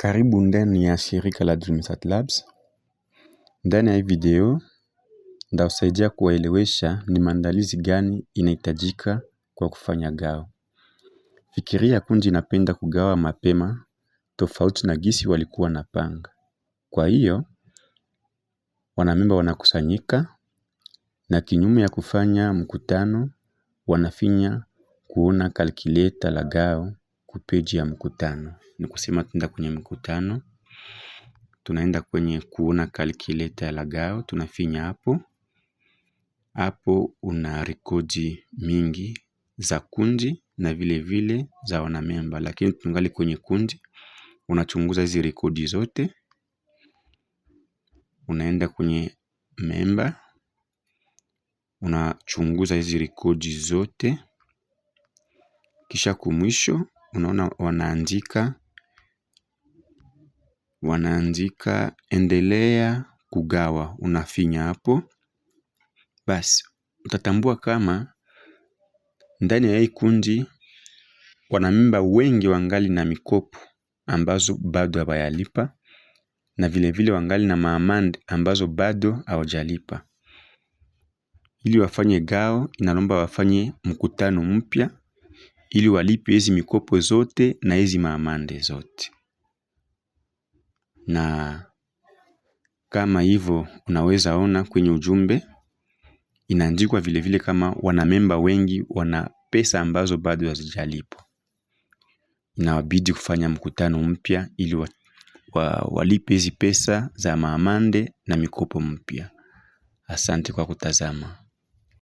Karibu ndani ya shirika la DreamStart Labs. Ndani ya hii video, ndaosaidia kuwaelewesha ni maandalizi gani inahitajika kwa kufanya gao Fikiria kundi inapenda kugawa mapema tofauti na gisi walikuwa na panga Kwa hiyo, wanamemba wanakusanyika na kinyume ya kufanya mkutano, wanafinya kuona kalkileta la gao kupeji ya mkutano. Ni kusema tunaenda kwenye mkutano. Tunaenda kwenye kuona calculator ya lagao. Tunafinya hapo. Hapo una rekodi mingi za kundi na vile vile za wanamemba. Lakini tungali kwenye kundi. Unachunguza hizi rekodi zote. Unaenda kwenye memba Unachunguza hizi rekodi zote. Kisha kumwisho unaona wanaandika wanaandika endelea kugawa, unafinya hapo, basi utatambua kama ndani ya hii kundi wanamemba wengi wangali na mikopo ambazo bado hawajalipa na vilevile vile wangali na maamande ambazo bado hawajalipa. Ili wafanye gao, inalomba wafanye mkutano mpya ili walipe hizi mikopo zote na hizi maamande zote. Na kama hivyo unaweza ona kwenye ujumbe inaandikwa vile vile kama wanamemba wengi wana pesa ambazo bado hazijalipwa, inawabidi kufanya mkutano mpya ili wa, wa, walipe hizi pesa za maamande na mikopo mpya. Asante kwa kutazama.